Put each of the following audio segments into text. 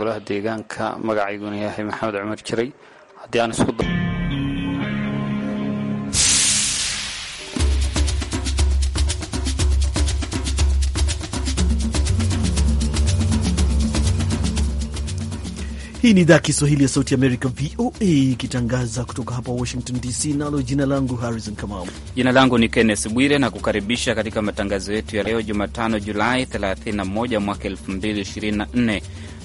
golaha deegaanka magacayguna yahay maxamed cumar jiray haddii aan isku Hii ni idhaa Kiswahili ya Sauti Amerika, VOA, ikitangaza kutoka hapa Washington DC. Nalo jina langu Harrison Kamau. Jina langu ni kennes Bwire na kukaribisha katika matangazo yetu ya leo Jumatano, Julai 31 mwaka 2024.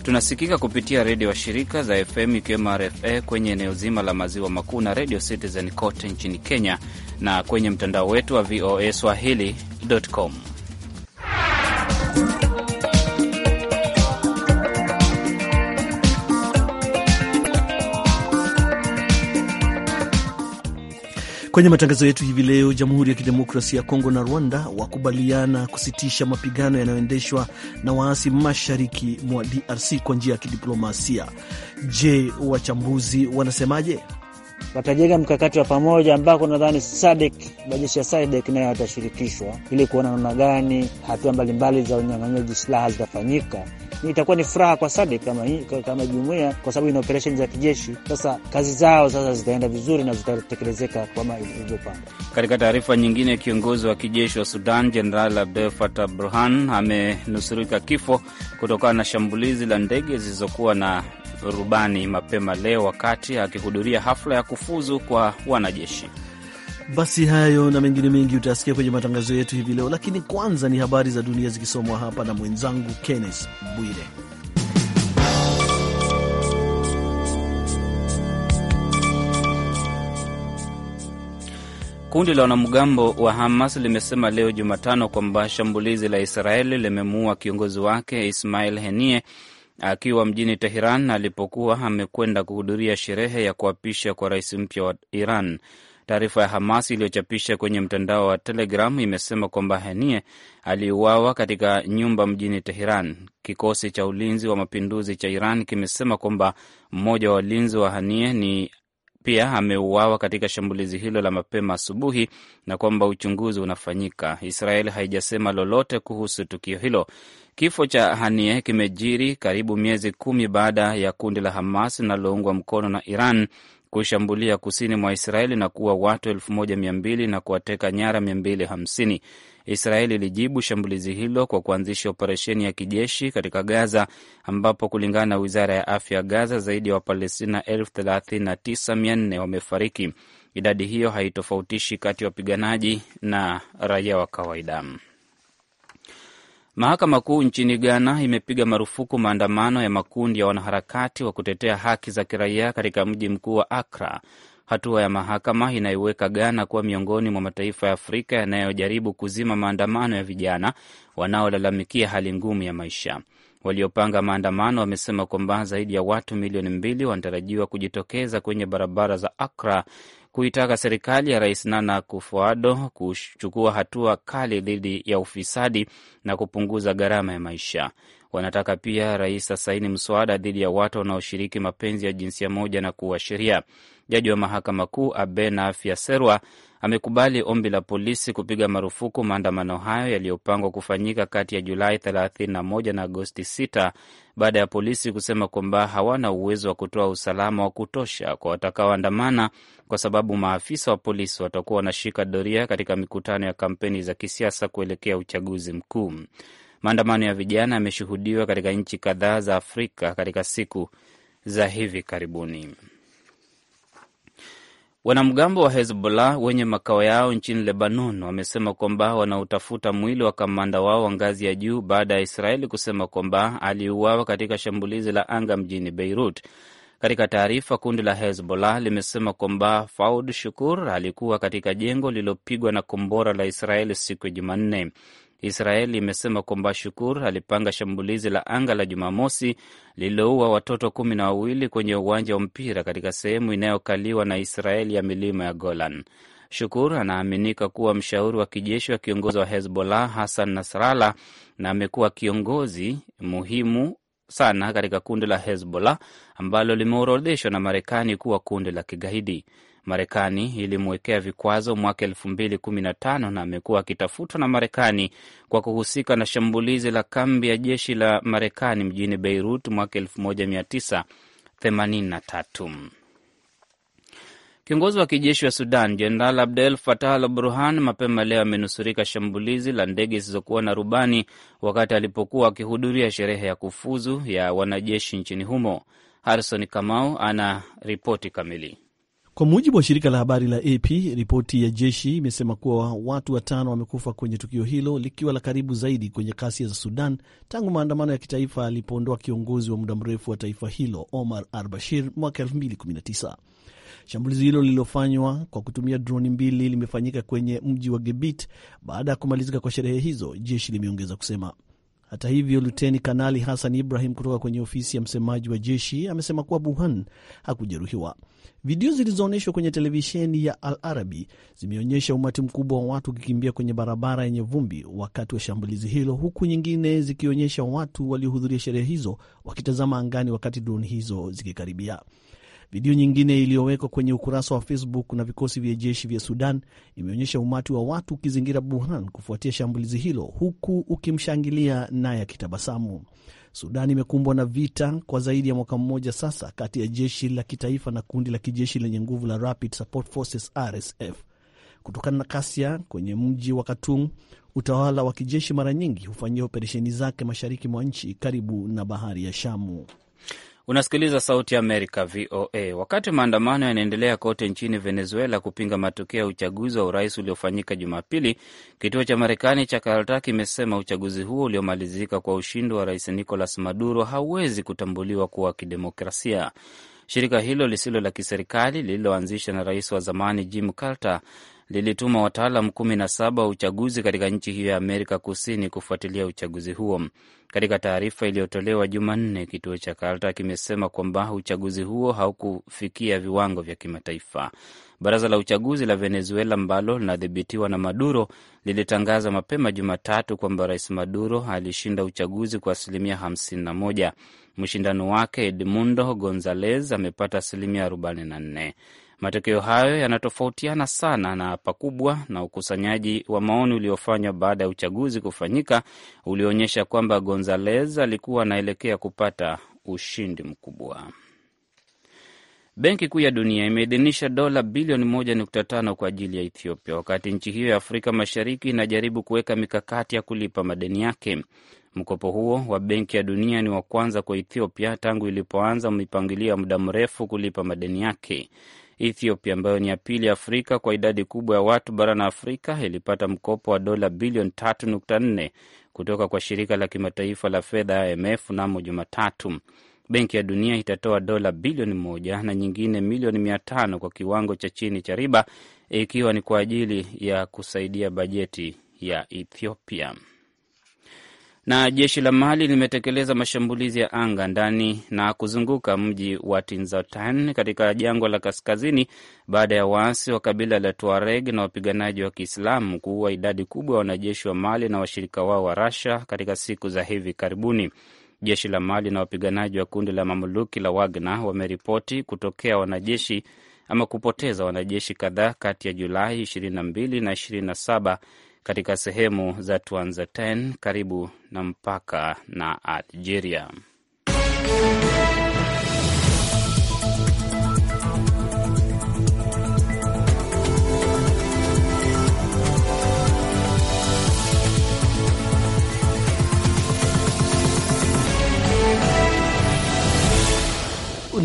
Tunasikika kupitia redio wa shirika za FM ikiwemo RFA kwenye eneo zima la maziwa makuu na redio Citizen kote nchini Kenya na kwenye mtandao wetu wa VOA swahili.com. Kwenye matangazo yetu hivi leo, Jamhuri ya Kidemokrasia ya Kongo na Rwanda wakubaliana kusitisha mapigano yanayoendeshwa na waasi mashariki mwa DRC kwa njia ya kidiplomasia. Je, wachambuzi wanasemaje? Watajenga mkakati wa pamoja ambako nadhani Sadek, majeshi ya Sadek nayo yatashirikishwa ili kuona namna gani hatua mbalimbali za unyang'anyaji silaha zitafanyika itakuwa ni furaha kwa SADC kama, kama jumuiya kwa sababu ina operesheni za kijeshi. Sasa kazi zao sasa zitaenda vizuri na zitatekelezeka kama ilivyopanda Katika taarifa nyingine, kiongozi wa kijeshi wa Sudan Jenerali Abdel Fattah Burhan amenusurika kifo kutokana na shambulizi la ndege zilizokuwa na rubani mapema leo wakati akihudhuria hafla ya kufuzu kwa wanajeshi. Basi hayo na mengine mengi utayasikia kwenye matangazo yetu hivi leo, lakini kwanza ni habari za dunia zikisomwa hapa na mwenzangu Kenneth Bwire. Kundi la wanamgambo wa Hamas limesema leo Jumatano kwamba shambulizi la Israeli limemuua kiongozi wake Ismail Henie akiwa mjini Teheran alipokuwa amekwenda kuhudhuria sherehe ya kuapisha kwa rais mpya wa Iran. Taarifa ya Hamas iliyochapisha kwenye mtandao wa Telegram imesema kwamba Henie aliuawa katika nyumba mjini Teheran. Kikosi cha ulinzi wa mapinduzi cha Iran kimesema kwamba mmoja wa walinzi wa Hanie ni pia ameuawa katika shambulizi hilo la mapema asubuhi na kwamba uchunguzi unafanyika. Israel haijasema lolote kuhusu tukio hilo. Kifo cha hanie kimejiri karibu miezi kumi baada ya kundi la Hamas linaloungwa mkono na Iran kushambulia kusini mwa Israeli na kuua watu 1200 na kuwateka nyara 250. Israeli ilijibu shambulizi hilo kwa kuanzisha operesheni ya kijeshi katika Gaza, ambapo kulingana na wizara ya afya ya Gaza, zaidi ya Wapalestina 39400 wamefariki. Idadi hiyo haitofautishi kati ya wapiganaji na raia wa kawaida. Mahakama Kuu nchini Ghana imepiga marufuku maandamano ya makundi ya wanaharakati wa kutetea haki za kiraia katika mji mkuu wa Akra. Hatua ya mahakama inayoweka Ghana kuwa miongoni mwa mataifa ya Afrika yanayojaribu kuzima maandamano ya vijana wanaolalamikia hali ngumu ya maisha. Waliopanga maandamano wamesema kwamba zaidi ya watu milioni mbili wanatarajiwa kujitokeza kwenye barabara za Akra kuitaka serikali ya Rais Nana Akufo-Addo kuchukua hatua kali dhidi ya ufisadi na kupunguza gharama ya maisha. Wanataka pia rais asaini mswada dhidi ya watu wanaoshiriki mapenzi ya jinsia moja na kuwa sheria. Jaji wa mahakama kuu Abena Fiaserwa amekubali ombi la polisi kupiga marufuku maandamano hayo yaliyopangwa kufanyika kati ya Julai 31 na Agosti 6 baada ya polisi kusema kwamba hawana uwezo wa kutoa usalama wa kutosha kwa watakaoandamana kwa sababu maafisa wa polisi watakuwa wanashika doria katika mikutano ya kampeni za kisiasa kuelekea uchaguzi mkuu. Maandamano ya vijana yameshuhudiwa katika nchi kadhaa za Afrika katika siku za hivi karibuni. Wanamgambo wa Hezbollah wenye makao yao nchini Lebanon wamesema kwamba wanautafuta mwili wa kamanda wao wa ngazi ya juu baada ya Israeli kusema kwamba aliuawa katika shambulizi la anga mjini Beirut. Katika taarifa, kundi la Hezbollah limesema kwamba Faud Shukur alikuwa katika jengo lililopigwa na kombora la Israeli siku ya Jumanne. Israel imesema kwamba Shukur alipanga shambulizi la anga la Jumamosi lililoua watoto kumi na wawili kwenye uwanja wa mpira katika sehemu inayokaliwa na Israel ya milima ya Golan. Shukur anaaminika kuwa mshauri wa kijeshi wa kiongozi wa Hezbollah Hassan Nasrallah na amekuwa kiongozi muhimu sana katika kundi la Hezbollah ambalo limeorodheshwa na Marekani kuwa kundi la kigaidi. Marekani ilimwekea vikwazo mwaka elfu mbili kumi na tano na amekuwa akitafutwa na Marekani kwa kuhusika na shambulizi la kambi ya jeshi la Marekani mjini Beirut mwaka elfu moja mia tisa themanini na tatu. Kiongozi wa kijeshi wa Sudan Jeneral Abdel Fatah Al Burhan mapema leo amenusurika shambulizi la ndege zisizokuwa na rubani wakati alipokuwa akihudhuria sherehe ya kufuzu ya wanajeshi nchini humo. Harison Kamau ana ripoti kamili. Kwa mujibu wa shirika la habari la AP, ripoti ya jeshi imesema kuwa watu watano wamekufa kwenye tukio hilo, likiwa la karibu zaidi kwenye ghasia za Sudan tangu maandamano ya kitaifa alipoondoa kiongozi wa muda mrefu wa taifa hilo Omar al Bashir mwaka 2019. Shambulizi hilo lililofanywa kwa kutumia droni mbili limefanyika kwenye mji wa Gebit baada ya kumalizika kwa sherehe hizo, jeshi limeongeza kusema. Hata hivyo, Luteni Kanali Hassan Ibrahim kutoka kwenye ofisi ya msemaji wa jeshi amesema kuwa Buhan hakujeruhiwa. Video zilizoonyeshwa kwenye televisheni ya Al Arabi zimeonyesha umati mkubwa wa watu ukikimbia kwenye barabara yenye vumbi wakati wa shambulizi hilo, huku nyingine zikionyesha watu waliohudhuria sherehe hizo wakitazama angani wakati droni hizo zikikaribia. Video nyingine iliyowekwa kwenye ukurasa wa Facebook na vikosi vya jeshi vya Sudan imeonyesha umati wa watu ukizingira Burhan kufuatia shambulizi hilo, huku ukimshangilia naye akitabasamu. Sudan imekumbwa na vita kwa zaidi ya mwaka mmoja sasa kati ya jeshi la kitaifa na kundi la kijeshi lenye nguvu la Rapid Support Forces RSF. Kutokana na kasia kwenye mji wa Khartoum, utawala wa kijeshi mara nyingi hufanyia operesheni zake mashariki mwa nchi karibu na bahari ya Shamu. Unasikiliza Sauti ya Amerika, VOA. Wakati maandamano yanaendelea kote nchini Venezuela kupinga matokeo ya uchaguzi wa urais uliofanyika Jumapili, kituo cha Marekani cha Carter kimesema uchaguzi huo uliomalizika kwa ushindi wa rais Nicolas Maduro hauwezi kutambuliwa kuwa kidemokrasia. Shirika hilo lisilo la kiserikali lililoanzisha na rais wa zamani Jim Carter lilituma wataalam 17 wa uchaguzi katika nchi hiyo ya Amerika Kusini kufuatilia uchaguzi huo. Katika taarifa iliyotolewa Jumanne, kituo cha Kalta kimesema kwamba uchaguzi huo haukufikia viwango vya kimataifa. Baraza la uchaguzi la Venezuela ambalo linadhibitiwa na Maduro lilitangaza mapema Jumatatu kwamba Rais Maduro alishinda uchaguzi kwa asilimia 51. Mshindano wake Edmundo Gonzalez amepata asilimia 44. Matokeo hayo yanatofautiana sana na pakubwa na ukusanyaji wa maoni uliofanywa baada ya uchaguzi kufanyika ulioonyesha kwamba Gonzalez alikuwa anaelekea kupata ushindi mkubwa. Benki Kuu ya Dunia imeidhinisha dola bilioni 1.5 kwa ajili ya Ethiopia, wakati nchi hiyo ya Afrika Mashariki inajaribu kuweka mikakati ya kulipa madeni yake. Mkopo huo wa Benki ya Dunia ni wa kwanza kwa Ethiopia tangu ilipoanza mipangilio ya muda mrefu kulipa madeni yake. Ethiopia ambayo ni ya pili Afrika kwa idadi kubwa ya watu barani Afrika ilipata mkopo wa dola bilioni 3.4 kutoka kwa shirika la kimataifa la fedha IMF mnamo Jumatatu. Benki ya Dunia itatoa dola bilioni moja na nyingine milioni mia tano kwa kiwango cha chini cha riba, ikiwa ni kwa ajili ya kusaidia bajeti ya Ethiopia. Na jeshi la Mali limetekeleza mashambulizi ya anga ndani na kuzunguka mji wa Tinzatan katika jangwa la kaskazini baada ya waasi wa kabila la Tuareg na wapiganaji wa Kiislamu kuua idadi kubwa ya wanajeshi wa Mali na washirika wao wa Rasha katika siku za hivi karibuni. Jeshi la Mali na wapiganaji wa kundi la mamluki la wagna wameripoti kutokea wanajeshi ama kupoteza wanajeshi kadhaa kati ya Julai 22 na 27 katika sehemu za Tanzania karibu na mpaka na Algeria.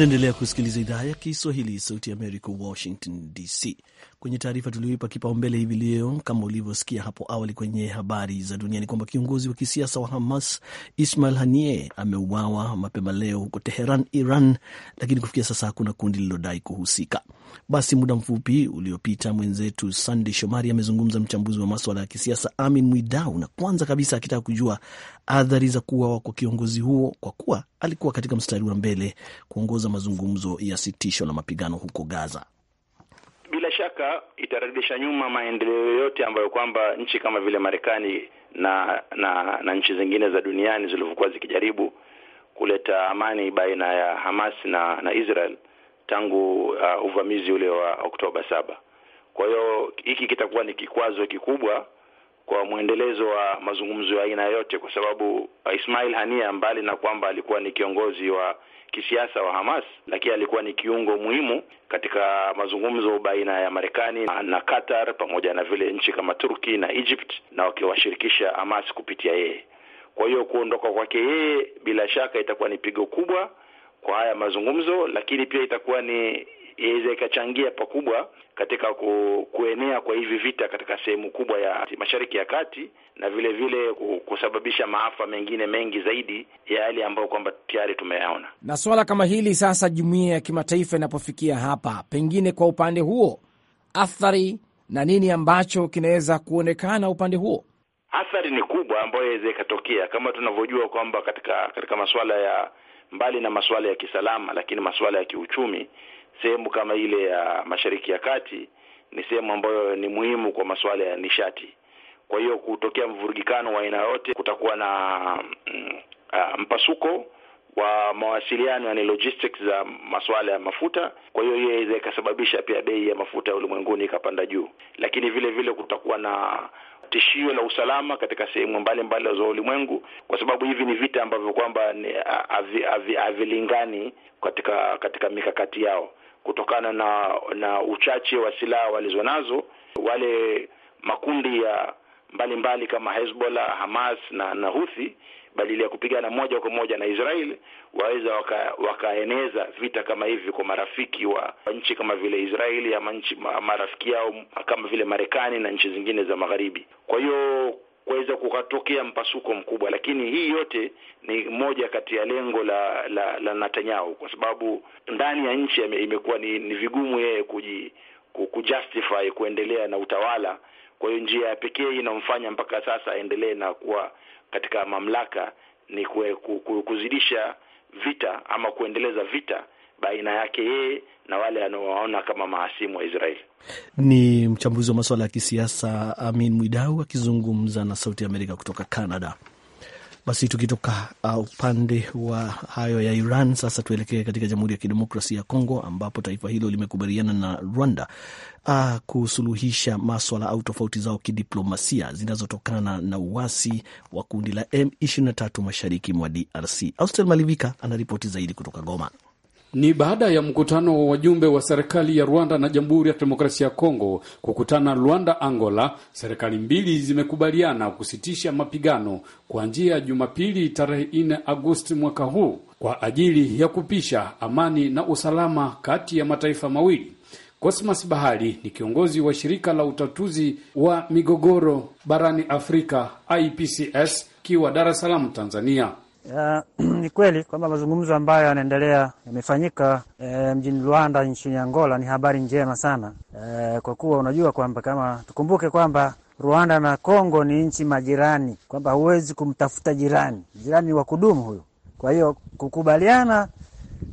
Unaendelea kusikiliza idhaa ya Kiswahili ya Sauti ya Amerika, Washington DC. Kwenye taarifa tulioipa kipaumbele hivi leo, kama ulivyosikia hapo awali kwenye habari za dunia, ni kwamba kiongozi wa kisiasa wa Hamas Ismail hanie ameuawa mapema leo huko Teheran, Iran, lakini kufikia sasa hakuna kundi lililodai kuhusika. Basi muda mfupi uliopita mwenzetu Sandey Shomari amezungumza mchambuzi wa maswala ya kisiasa Amin Mwidau, na kwanza kabisa akitaka kujua athari za kuuawa kwa kiongozi huo kwa kuwa alikuwa katika mstari wa mbele kuongoza mazungumzo ya sitisho la mapigano huko Gaza. Bila shaka itarudisha nyuma maendeleo yote ambayo kwamba nchi kama vile Marekani na na, na nchi zingine za duniani zilivyokuwa zikijaribu kuleta amani baina ya Hamas na, na Israel tangu uh, uvamizi ule wa Oktoba saba. Kwa hiyo hiki kitakuwa ni kikwazo kikubwa kwa mwendelezo wa mazungumzo ya aina yote kwa sababu uh, Ismail Hania, mbali na kwamba alikuwa ni kiongozi wa kisiasa wa Hamas, lakini alikuwa ni kiungo muhimu katika mazungumzo baina ya Marekani na Qatar pamoja na vile nchi kama Turki na Egypt, na wakiwashirikisha Hamas kupitia yeye. Kwa hiyo kuondoka kwake yeye bila shaka itakuwa ni pigo kubwa kwa haya mazungumzo, lakini pia itakuwa ni iweza ikachangia pakubwa katika ku, kuenea kwa hivi vita katika sehemu kubwa ya Mashariki ya Kati na vile vile kusababisha maafa mengine mengi zaidi ya yale ambayo kwamba tayari tumeyaona. Na swala kama hili sasa, jumuiya ya kimataifa inapofikia hapa, pengine kwa upande huo athari na nini ambacho kinaweza kuonekana upande huo? Athari ni kubwa ambayo yaweza ikatokea, kama tunavyojua kwamba katika katika masuala ya mbali na masuala ya kisalama, lakini masuala ya kiuchumi sehemu kama ile ya Mashariki ya Kati ni sehemu ambayo ni muhimu kwa masuala ya nishati. Kwa hiyo kutokea mvurugikano wa aina yote, kutakuwa na mm, a, ah, mpasuko wa mawasiliano, yani logistics za masuala ya mafuta. Kwa hiyo hiyo iweza ikasababisha pia bei ya mafuta ya ulimwenguni ikapanda juu, lakini vile vile kutakuwa na tishio la usalama katika sehemu mbalimbali za ulimwengu, kwa sababu hivi ni vita ambavyo kwamba ah, havilingani katika katika mikakati yao kutokana na na uchache wa silaha walizonazo wale makundi ya mbalimbali mbali kama Hezbollah, Hamas na, na huthi badili ya kupigana moja kwa moja na Israel waweza waka, wakaeneza vita kama hivi kwa marafiki wa nchi kama vile Israeli ama nchi marafiki yao kama vile Marekani na nchi zingine za Magharibi. Kwa hiyo kuweza kukatokea mpasuko mkubwa, lakini hii yote ni moja kati ya lengo la la, la Netanyahu kwa sababu ndani ya nchi imekuwa ni, ni vigumu yeye kuji kujustify kuendelea na utawala. Kwa hiyo njia ya pekee inamfanya mpaka sasa aendelee na kuwa katika mamlaka ni ku, kuzidisha vita ama kuendeleza vita baina yake yeye na wale anaowaona kama maasimu wa Israeli. Ni mchambuzi wa masuala ya kisiasa Amin Mwidau akizungumza na Sauti ya Amerika kutoka Canada. Basi tukitoka uh, upande wa hayo ya Iran, sasa tuelekee katika Jamhuri ya Kidemokrasia ya Kongo ambapo taifa hilo limekubaliana na Rwanda uh, kusuluhisha maswala au tofauti zao kidiplomasia zinazotokana na uasi wa kundi la M23 mashariki mwa DRC. Austel Malivika anaripoti zaidi kutoka Goma. Ni baada ya mkutano wa wajumbe wa serikali ya Rwanda na Jamhuri ya Kidemokrasia ya Kongo kukutana Rwanda Angola, serikali mbili zimekubaliana kusitisha mapigano kwa ya Jumapili tarehe 4 Agosti mwaka huu kwa ajili ya kupisha amani na usalama kati ya mataifa mawili. Cosmas Bahali ni kiongozi wa shirika la utatuzi wa migogoro barani Afrika IPCS kiwa Dar es Salaam, Tanzania. Ya, eh, ni kweli kwamba mazungumzo ambayo yanaendelea yamefanyika e, mjini Luanda nchini Angola ni habari njema sana e, kwa kuwa unajua kwamba kama tukumbuke kwamba Rwanda na Kongo ni nchi majirani, kwamba huwezi kumtafuta jirani, jirani wa kudumu huyu. Kwa hiyo kukubaliana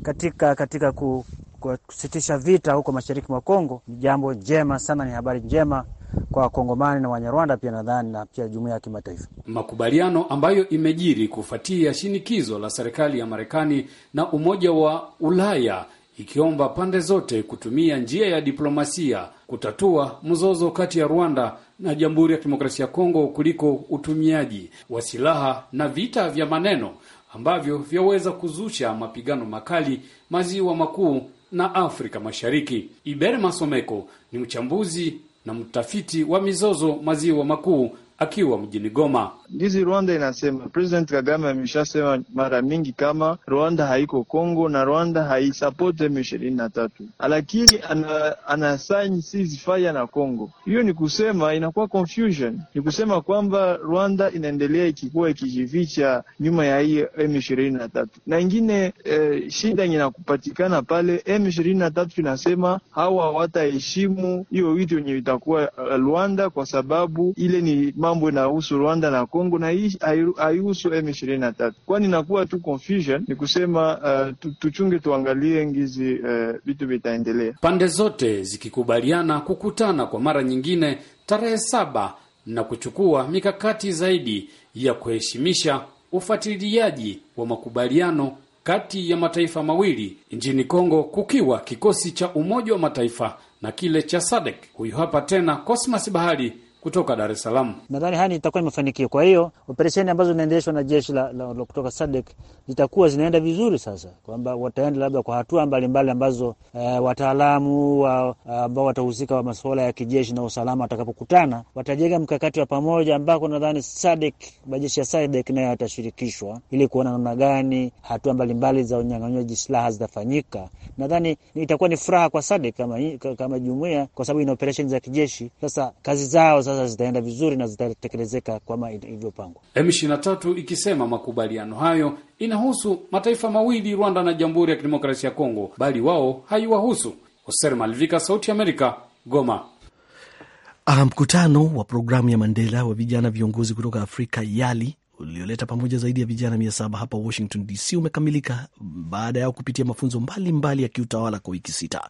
katika, katika ku, kusitisha vita huko mashariki mwa Kongo ni jambo njema sana, ni habari njema kwa Wakongomani na Wanyarwanda pia nadhani na pia jumuiya ya kimataifa. Makubaliano ambayo imejiri kufuatia shinikizo la serikali ya Marekani na Umoja wa Ulaya ikiomba pande zote kutumia njia ya diplomasia kutatua mzozo kati ya Rwanda na Jamhuri ya Kidemokrasia ya Kongo kuliko utumiaji wa silaha na vita vya maneno ambavyo vyaweza kuzusha mapigano makali maziwa makuu na Afrika Mashariki. Iber Masomeko ni mchambuzi na mtafiti wa mizozo maziwa makuu akiwa mjini Goma. Ndizi Rwanda inasema President Kagame ameshasema mara mingi kama Rwanda haiko Kongo na Rwanda haisapoti emu ishirini na tatu, lakini anasaini ceasefire na Kongo. Hiyo ni kusema inakuwa confusion, ni kusema kwamba Rwanda inaendelea ikikuwa ikijificha nyuma ya hii emu ishirini na tatu na ingine eh, shida inakupatikana pale emu ishirini na tatu inasema hawa hawataheshimu hiyo wito yenye itakuwa eh, Rwanda kwa sababu ile ni mambo inahusu Rwanda na Kongo na hii haihusu M23. Kwani nakuwa tu confusion, ni kusema uh, tuchunge tuangalie ngizi uh, vitu uh, vitaendelea. Pande zote zikikubaliana kukutana kwa mara nyingine tarehe saba na kuchukua mikakati zaidi ya kuheshimisha ufuatiliaji wa makubaliano kati ya mataifa mawili nchini Kongo, kukiwa kikosi cha Umoja wa Mataifa na kile cha SADC. Huyu hapa tena Cosmas Bahari kutoka Dar es Salaam. Nadhani haya itakuwa ni mafanikio. Kwa hiyo operesheni ambazo zinaendeshwa na jeshi la, la, la kutoka SADC zitakuwa zinaenda vizuri sasa, kwamba wataenda labda kwa hatua mbalimbali ambazo e, wataalamu ambao wa, watahusika wa masuala ya kijeshi na usalama watakapokutana watajenga mkakati wa pamoja, ambako nadhani SADC, majeshi ya SADC nayo yatashirikishwa ili kuona namna gani hatua mbalimbali za unyang'anywaji silaha zitafanyika. Nadhani itakuwa ni furaha kwa SADC kama, kama jumuia kwa sababu ina operesheni za kijeshi. Sasa kazi zao sasa zitaenda vizuri na zitatekelezeka kama ilivyopangwa. M23 ikisema makubaliano hayo inahusu mataifa mawili, Rwanda na Jamhuri ya Kidemokrasia ya Kongo, bali wao haiwahusu. Hoser Malvika, Sauti Amerika, Goma. Ah, mkutano wa programu ya Mandela wa vijana viongozi kutoka Afrika YALI ulioleta pamoja zaidi ya vijana mia saba hapa Washington DC umekamilika baada ya kupitia mafunzo mbalimbali mbali ya kiutawala kwa wiki sita.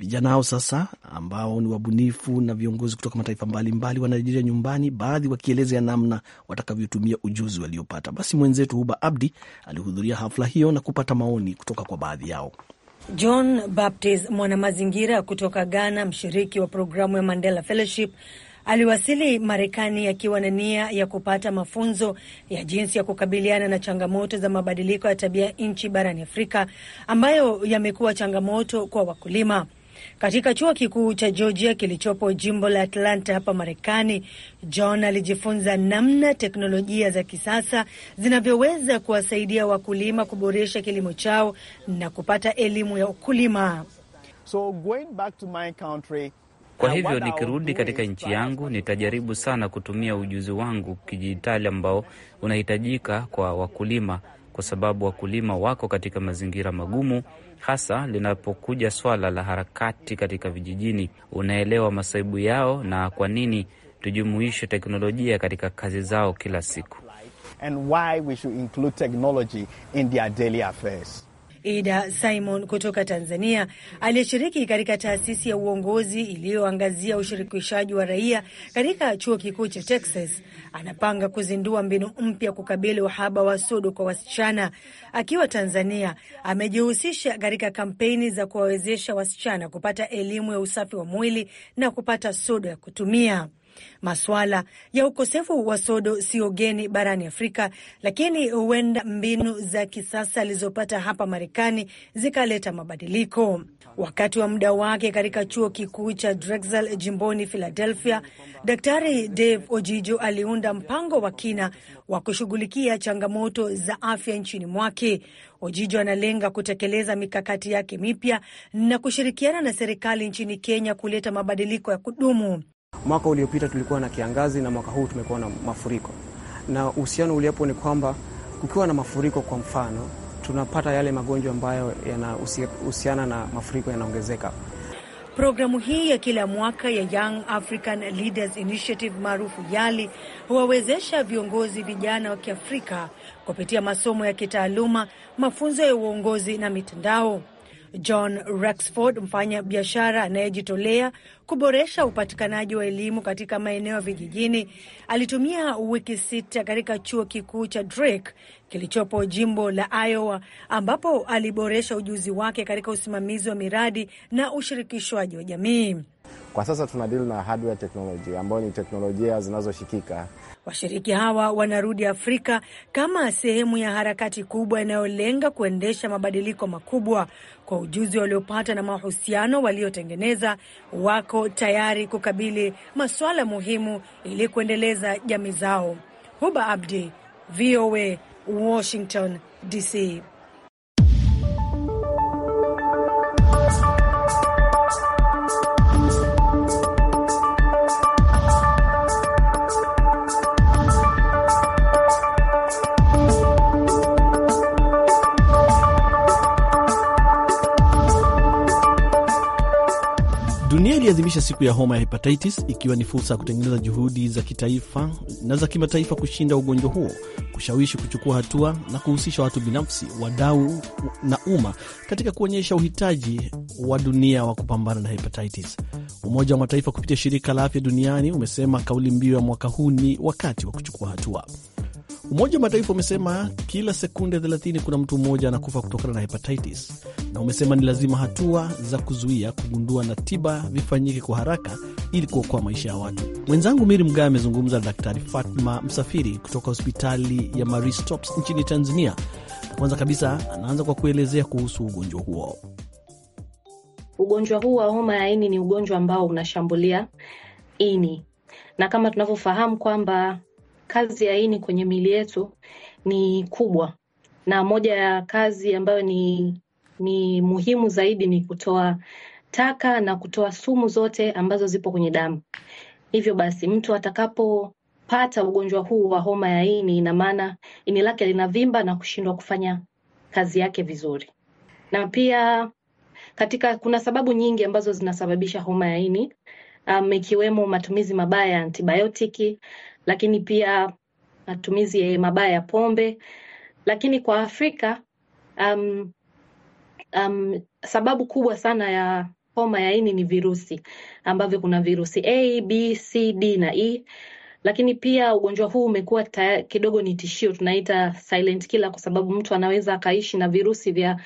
Vijana hao sasa ambao ni wabunifu na viongozi kutoka mataifa mbalimbali wanarejelea nyumbani, baadhi wakielezea namna watakavyotumia ujuzi waliopata. Basi mwenzetu Huba Abdi alihudhuria hafla hiyo na kupata maoni kutoka kwa baadhi yao. John Baptist, mwanamazingira kutoka Ghana, mshiriki wa programu ya Mandela Fellowship, aliwasili Marekani akiwa na nia ya kupata mafunzo ya jinsi ya kukabiliana na changamoto za mabadiliko ya tabia nchi barani Afrika, ambayo yamekuwa changamoto kwa wakulima. Katika chuo kikuu cha Georgia kilichopo jimbo la Atlanta hapa Marekani, John alijifunza namna teknolojia za kisasa zinavyoweza kuwasaidia wakulima kuboresha kilimo chao na kupata elimu ya ukulima. So going back to my country, kwa hivyo nikirudi katika nchi yangu nitajaribu sana kutumia ujuzi wangu kidijitali ambao unahitajika kwa wakulima kwa sababu wakulima wako katika mazingira magumu, hasa linapokuja swala la harakati katika vijijini. Unaelewa masaibu yao na kwa nini tujumuishe teknolojia katika kazi zao kila siku. And why we should include technology in their daily affairs. Ida Simon kutoka Tanzania aliyeshiriki katika taasisi ya uongozi iliyoangazia ushirikishaji wa raia katika chuo kikuu cha Texas, anapanga kuzindua mbinu mpya kukabili uhaba wa sodo kwa wasichana. Akiwa Tanzania, amejihusisha katika kampeni za kuwawezesha wasichana kupata elimu ya usafi wa mwili na kupata sodo ya kutumia. Maswala ya ukosefu wa sodo sio geni barani Afrika, lakini huenda mbinu za kisasa alizopata hapa Marekani zikaleta mabadiliko. Wakati wa muda wake katika chuo kikuu cha Drexel jimboni Philadelphia, Daktari Dave Ojijo aliunda mpango wa kina wa kushughulikia changamoto za afya nchini mwake. Ojijo analenga kutekeleza mikakati yake mipya na kushirikiana na serikali nchini Kenya kuleta mabadiliko ya kudumu. Mwaka uliopita tulikuwa na kiangazi na mwaka huu tumekuwa na mafuriko, na uhusiano uliopo ni kwamba kukiwa na mafuriko, kwa mfano, tunapata yale magonjwa ambayo yanahusiana na mafuriko yanaongezeka. Programu hii ya kila mwaka ya Young African Leaders Initiative maarufu YALI huwawezesha viongozi vijana wa Kiafrika kupitia masomo ya kitaaluma, mafunzo ya uongozi na mitandao John Rexford, mfanya biashara anayejitolea kuboresha upatikanaji wa elimu katika maeneo ya vijijini, alitumia wiki sita katika chuo kikuu cha Drake kilichopo jimbo la Iowa, ambapo aliboresha ujuzi wake katika usimamizi wa miradi na ushirikishwaji wa jamii. Kwa sasa tuna deal na hardware technology ambayo ni teknolojia zinazoshikika Washiriki hawa wanarudi Afrika kama sehemu ya harakati kubwa inayolenga kuendesha mabadiliko makubwa. Kwa ujuzi waliopata na mahusiano waliotengeneza, wako tayari kukabili masuala muhimu ili kuendeleza jamii zao. Huba Abdi, VOA, Washington DC. iliadhimisha siku ya homa ya hepatitis ikiwa ni fursa ya kutengeneza juhudi za kitaifa na za kimataifa kushinda ugonjwa huo, kushawishi kuchukua hatua na kuhusisha watu binafsi, wadau na umma katika kuonyesha uhitaji wa dunia wa kupambana na hepatitis. Umoja wa Mataifa kupitia shirika la afya duniani umesema kauli mbiu ya mwaka huu ni wakati wa kuchukua hatua. Umoja wa Mataifa umesema kila sekunde 30 kuna mtu mmoja anakufa kutokana na hepatitis, na umesema ni lazima hatua za kuzuia, kugundua na tiba vifanyike kwa haraka ili kuokoa maisha ya watu. Mwenzangu Miri Mgawe amezungumza na Daktari Fatma Msafiri kutoka hospitali ya Marie Stopes nchini Tanzania. na Kwanza kabisa, anaanza kwa kuelezea kuhusu ugonjwa huo. Ugonjwa huu wa homa ya ini ni ugonjwa ambao unashambulia ini na kama tunavyofahamu kwamba kazi ya ini kwenye miili yetu ni kubwa, na moja ya kazi ambayo ni, ni muhimu zaidi ni kutoa taka na kutoa sumu zote ambazo zipo kwenye damu. Hivyo basi mtu atakapopata ugonjwa huu wa homa ya ini, ina maana ini lake linavimba na kushindwa kufanya kazi yake vizuri. Na pia katika kuna sababu nyingi ambazo zinasababisha homa ya ini um, ikiwemo matumizi mabaya ya antibiotiki lakini pia matumizi mabaya ya pombe. Lakini kwa Afrika um, um, sababu kubwa sana ya homa ya ini ni virusi ambavyo kuna virusi A, B, C, D na E lakini pia ugonjwa huu umekuwa kidogo ni tishio, tunaita silent killer, kwa sababu mtu anaweza akaishi na virusi vya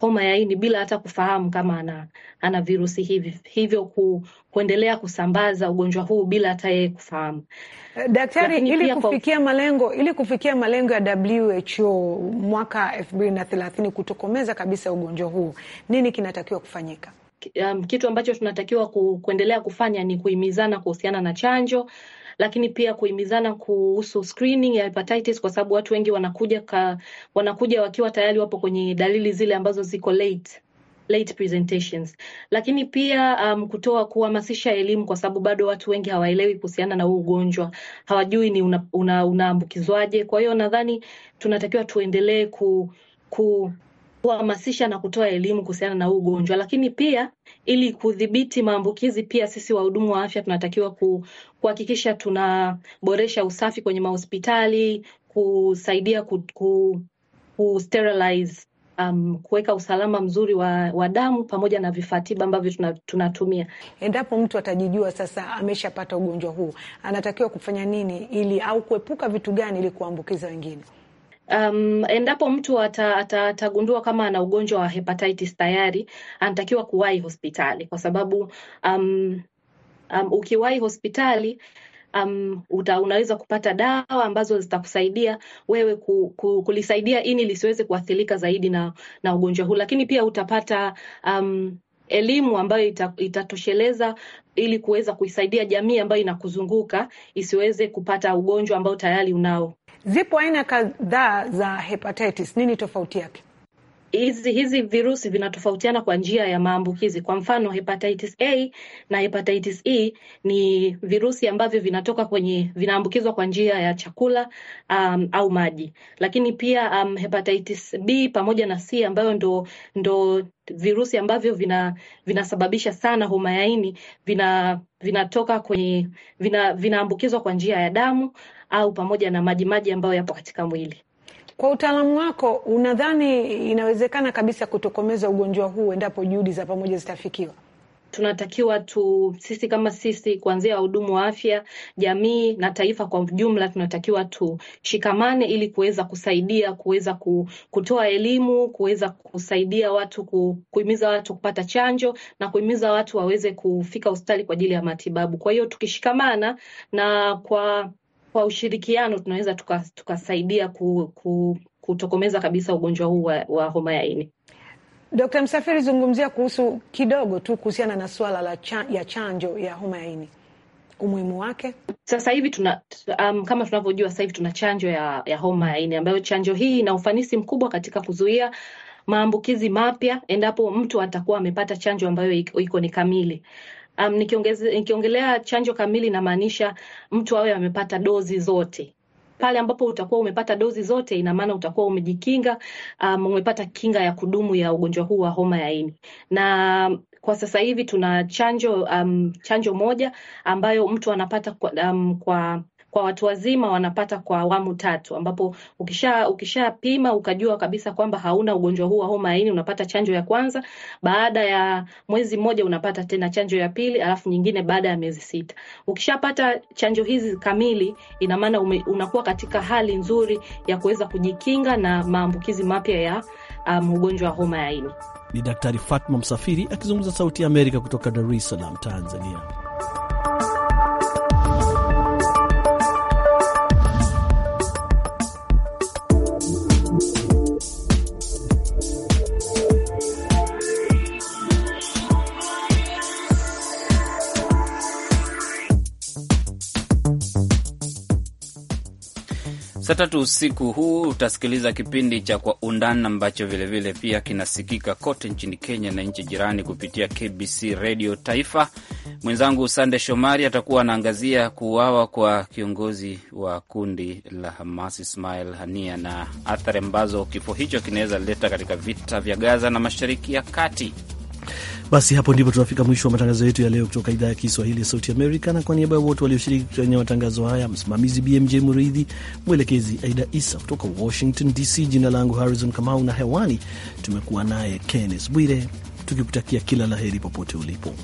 homa ya ini bila hata kufahamu kama ana, ana virusi hivi, hivyo ku, kuendelea kusambaza ugonjwa huu bila hata yeye kufahamu. Eh, daktari, ili kufikia kwa... malengo ili kufikia malengo ya WHO mwaka elfu mbili na thelathini kutokomeza kabisa ugonjwa huu, nini kinatakiwa kufanyika? Um, kitu ambacho tunatakiwa ku, kuendelea kufanya ni kuhimizana kuhusiana na chanjo lakini pia kuhimizana kuhusu screening ya hepatitis, kwa sababu watu wengi wanakuja ka, wanakuja wakiwa tayari wapo kwenye dalili zile ambazo ziko late late presentations, lakini pia um, kutoa kuhamasisha elimu, kwa sababu bado watu wengi hawaelewi kuhusiana na huu ugonjwa, hawajui ni unaambukizwaje una, una. Kwa hiyo nadhani tunatakiwa tuendelee ku, ku kuhamasisha na kutoa elimu kuhusiana na huu ugonjwa, lakini pia ili kudhibiti maambukizi, pia sisi wahudumu wa afya tunatakiwa kuhakikisha tunaboresha usafi kwenye mahospitali, kusaidia ku, ku, ku sterilize, um, kuweka usalama mzuri wa, wa damu pamoja na vifaa tiba ambavyo tunatumia. Endapo mtu atajijua sasa ameshapata ugonjwa huu, anatakiwa kufanya nini ili au kuepuka vitu gani ili kuambukiza wengine? um, endapo mtu atagundua ata, kama ana ugonjwa wa hepatitis tayari anatakiwa kuwahi hospitali kwa sababu um, um, ukiwahi hospitali um, uta, unaweza kupata dawa ambazo zitakusaidia wewe ku, ku, kulisaidia ini lisiweze kuathirika zaidi na, na ugonjwa huu, lakini pia utapata um, elimu ambayo ita, itatosheleza ili kuweza kuisaidia jamii ambayo inakuzunguka isiweze kupata ugonjwa ambao tayari unao. Zipo aina kadhaa za hepatitis, nini tofauti yake? Hizi hizi virusi vinatofautiana kwa njia ya maambukizi. Kwa mfano, hepatitis A na hepatitis E ni virusi ambavyo vinatoka kwenye vinaambukizwa kwa njia ya chakula um, au maji. Lakini pia um, hepatitis B pamoja na C ambayo ndo ndo virusi ambavyo vina vinasababisha sana homa ya ini vina vinatoka vinaambukizwa vina kwa njia ya damu au pamoja na majimaji ambayo yapo katika mwili. Kwa utaalamu wako, unadhani inawezekana kabisa kutokomeza ugonjwa huu endapo juhudi za pamoja zitafikiwa? Tunatakiwa tu sisi kama sisi, kuanzia wahudumu wa afya, jamii na taifa kwa ujumla, tunatakiwa tushikamane ili kuweza kusaidia, kuweza kutoa elimu, kuweza kusaidia watu kuhimiza watu kupata chanjo na kuhimiza watu waweze kufika hospitali kwa ajili ya matibabu. Kwa hiyo tukishikamana na kwa kwa ushirikiano tunaweza tukasaidia tuka ku, ku, kutokomeza kabisa ugonjwa huu wa, wa homa ya ini. Dkt. Msafiri, zungumzia kuhusu kidogo tu kuhusiana na swala la cha, ya chanjo ya homa ya ini umuhimu wake. Sasa hivi tuna um, kama tunavyojua sasa hivi tuna chanjo ya, ya homa ya ini ambayo chanjo hii ina ufanisi mkubwa katika kuzuia maambukizi mapya endapo mtu atakuwa amepata chanjo ambayo iko ni kamili um, nikiongelea chanjo kamili inamaanisha mtu awe amepata dozi zote pale ambapo utakuwa umepata dozi zote, ina maana utakuwa umejikinga, um, umepata kinga ya kudumu ya ugonjwa huu wa homa ya ini. Na kwa sasa hivi tuna chanjo um, chanjo moja ambayo mtu anapata kwa, um, kwa kwa watu wazima wanapata kwa awamu tatu, ambapo ukisha ukishapima ukajua kabisa kwamba hauna ugonjwa huu wa homa ya ini, unapata chanjo ya kwanza. Baada ya mwezi mmoja unapata tena chanjo ya pili, alafu nyingine baada ya miezi sita. Ukishapata chanjo hizi kamili, ina maana unakuwa katika hali nzuri ya kuweza kujikinga na maambukizi mapya ya um, ugonjwa wa homa ya ini. Ni Daktari Fatma Msafiri akizungumza Sauti ya Amerika kutoka Dar es Salaam, Tanzania. Saa tatu usiku huu utasikiliza kipindi cha Kwa Undani ambacho vilevile pia kinasikika kote nchini Kenya na nchi jirani kupitia KBC redio Taifa. Mwenzangu Sande Shomari atakuwa anaangazia kuuawa kwa kiongozi wa kundi la Hamas Ismail Hania na athari ambazo kifo hicho kinaweza leta katika vita vya Gaza na Mashariki ya Kati. Basi hapo ndipo tunafika mwisho wa matangazo yetu ya leo kutoka idhaa ya Kiswahili ya Sauti Amerika, na kwa niaba ya wote walioshiriki kwenye matangazo haya, msimamizi BMJ Muridhi, mwelekezi Aida Isa kutoka Washington DC. Jina langu Harrison Kamau na hewani tumekuwa naye Kenneth Bwire, tukikutakia kila la heri popote ulipo.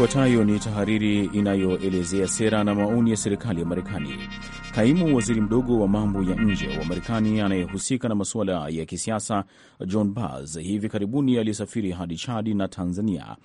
Ifuatayo ni tahariri inayoelezea sera na maoni ya serikali ya Marekani. Kaimu waziri mdogo wa mambo ya nje wa Marekani anayehusika na masuala ya kisiasa John Bas hivi karibuni alisafiri hadi Chadi na Tanzania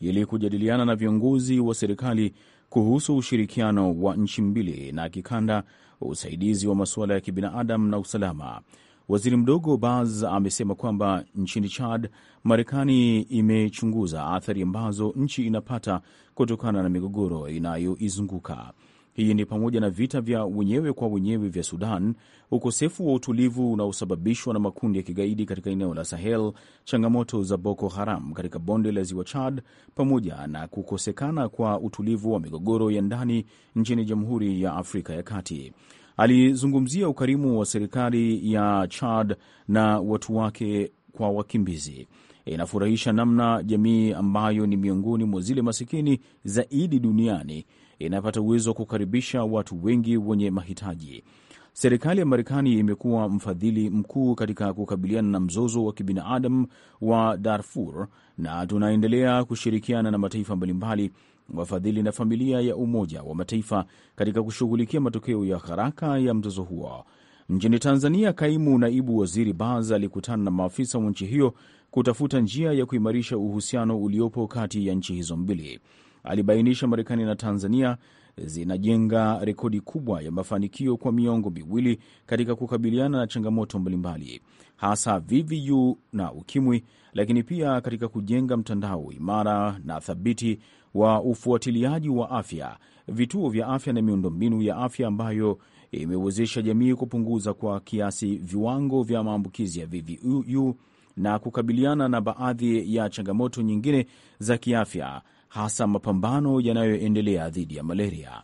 ili kujadiliana na viongozi wa serikali kuhusu ushirikiano wa nchi mbili na kikanda, usaidizi wa masuala ya kibinadamu na usalama. Waziri mdogo Baz amesema kwamba nchini Chad, Marekani imechunguza athari ambazo nchi inapata kutokana na migogoro inayoizunguka. Hii ni pamoja na vita vya wenyewe kwa wenyewe vya Sudan, ukosefu wa utulivu unaosababishwa na makundi ya kigaidi katika eneo la Sahel, changamoto za Boko Haram katika bonde la ziwa Chad, pamoja na kukosekana kwa utulivu wa migogoro ya ndani nchini Jamhuri ya Afrika ya Kati. Alizungumzia ukarimu wa serikali ya Chad na watu wake kwa wakimbizi. Inafurahisha namna jamii ambayo ni miongoni mwa zile masikini zaidi duniani inapata uwezo wa kukaribisha watu wengi wenye mahitaji. Serikali ya Marekani imekuwa mfadhili mkuu katika kukabiliana na mzozo wa kibinadamu wa Darfur na tunaendelea kushirikiana na mataifa mbalimbali wafadhili na familia ya Umoja wa Mataifa katika kushughulikia matokeo ya haraka ya mzozo huo. Nchini Tanzania, kaimu naibu waziri Baaz alikutana na maafisa wa nchi hiyo kutafuta njia ya kuimarisha uhusiano uliopo kati ya nchi hizo mbili. Alibainisha Marekani na Tanzania zinajenga rekodi kubwa ya mafanikio kwa miongo miwili katika kukabiliana na changamoto mbalimbali, hasa VVU na UKIMWI, lakini pia katika kujenga mtandao imara na thabiti wa ufuatiliaji wa afya, vituo vya afya na miundombinu ya afya ambayo imewezesha jamii kupunguza kwa kiasi viwango vya maambukizi ya VVU na kukabiliana na baadhi ya changamoto nyingine za kiafya, hasa mapambano yanayoendelea dhidi ya malaria.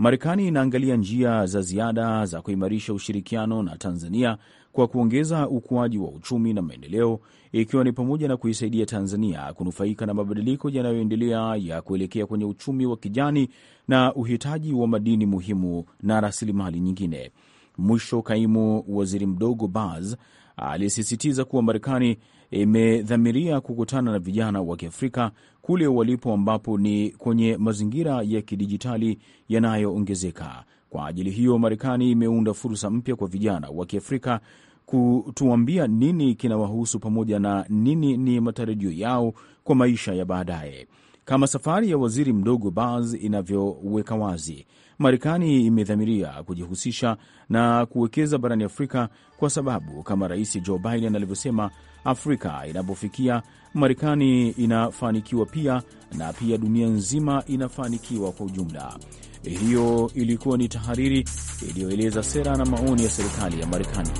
Marekani inaangalia njia za ziada za kuimarisha ushirikiano na Tanzania kwa kuongeza ukuaji wa uchumi na maendeleo, ikiwa ni pamoja na kuisaidia Tanzania kunufaika na mabadiliko yanayoendelea ya kuelekea kwenye uchumi wa kijani na uhitaji wa madini muhimu na rasilimali nyingine. Mwisho, kaimu waziri mdogo Baz alisisitiza kuwa Marekani imedhamiria kukutana na vijana wa Kiafrika kule walipo, ambapo ni kwenye mazingira ya kidijitali yanayoongezeka. Kwa ajili hiyo, Marekani imeunda fursa mpya kwa vijana wa Kiafrika kutuambia nini kinawahusu pamoja na nini ni matarajio yao kwa maisha ya baadaye, kama safari ya waziri mdogo Baz inavyoweka wazi. Marekani imedhamiria kujihusisha na kuwekeza barani Afrika kwa sababu kama Rais Joe Biden alivyosema, Afrika inapofikia Marekani inafanikiwa pia, na pia dunia nzima inafanikiwa kwa ujumla. Hiyo ilikuwa ni tahariri iliyoeleza sera na maoni ya serikali ya Marekani.